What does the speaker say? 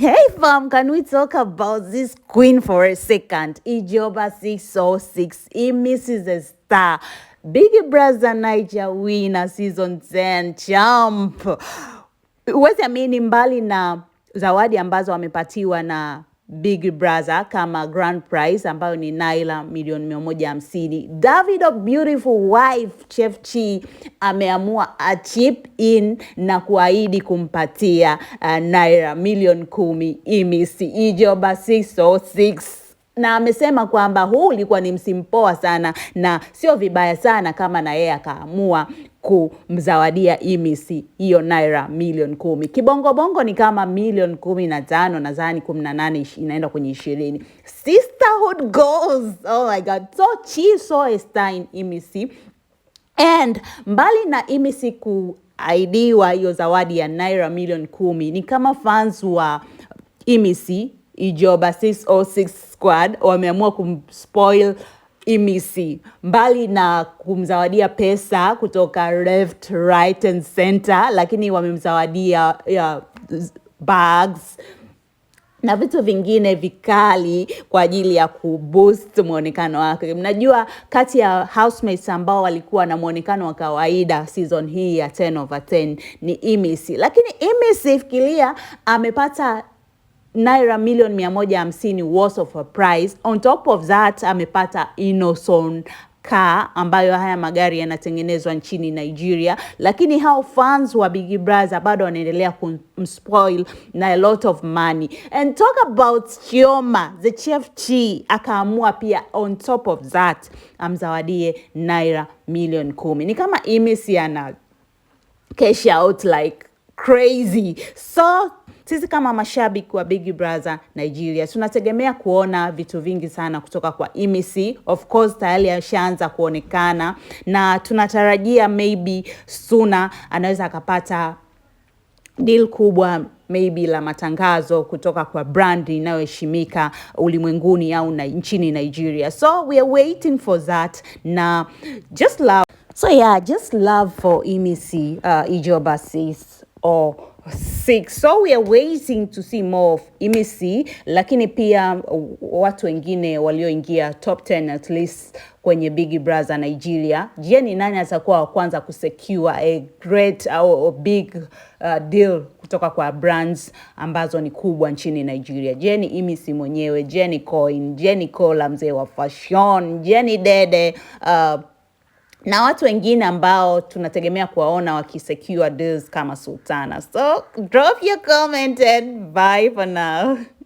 Hey fam, can we talk about this queen for a second? Ijoba 606, he misses a star. Big Brother niger winner season 10 champ. Huwezi amini mbali na zawadi ambazo wamepatiwa na Big Brother kama grand prize ambayo ni Naila milioni mia moja hamsini. Davido beautiful wife Chef Chi ameamua a chip in na kuahidi kumpatia uh, Naira milioni kumi imisi ijo so 6 na amesema kwamba huu ulikuwa ni msimu poa sana na sio vibaya sana kama na yeye akaamua kumzawadia Imisi hiyo naira milioni kumi. Kibongobongo ni kama milioni kumi na tano nadhani kumi na nane inaenda kwenye ishirini. Sisterhood goals. Oh my God. So chi so Stein Imisi and mbali na Imisi kuaidiwa hiyo zawadi ya naira milioni kumi ni kama fans wa Imisi Ijoba 606 squad wameamua kumspoil EMC mbali na kumzawadia pesa kutoka left right and center, lakini wamemzawadia bags na vitu vingine vikali kwa ajili ya kuboost mwonekano wake. Mnajua, kati ya housemates ambao walikuwa na mwonekano wa kawaida season hii ya 10 over 10 ni imisi lakini imisi fikiria, amepata naira milioni 150 worth of a price. On top of that amepata Innoson car ambayo haya magari yanatengenezwa nchini Nigeria, lakini hao fans wa Big Brother bado wanaendelea kumspoil na a lot of money. And talk about Chioma the chef Chi akaamua pia on top of that amzawadie naira milioni kumi. Ni kama imesi ana cash out like crazy so sisi kama mashabiki wa Big Brother Nigeria tunategemea kuona vitu vingi sana kutoka kwa Imisi. Of course tayari ashaanza kuonekana na tunatarajia maybe Suna anaweza akapata deal kubwa maybe la matangazo kutoka kwa brandi inayoheshimika ulimwenguni au na nchini Nigeria. So we are waiting for that na just love. So yeah, just love for Imisi uh, Ijoba sis or fix. So we are waiting to see more of EMC, lakini pia uh, watu wengine walioingia top 10 at least kwenye Big Brother Nigeria. Je, ni nani atakuwa wa kwanza kusecure a great a uh, big uh, deal kutoka kwa brands ambazo ni kubwa nchini Nigeria? Je, ni EMC mwenyewe? Je, ni Coin? Je, ni Kola mzee wa fashion? Je, ni Dede uh, na watu wengine ambao tunategemea kuwaona wakisecure deals kama Sultana. So drop your comment and bye for now.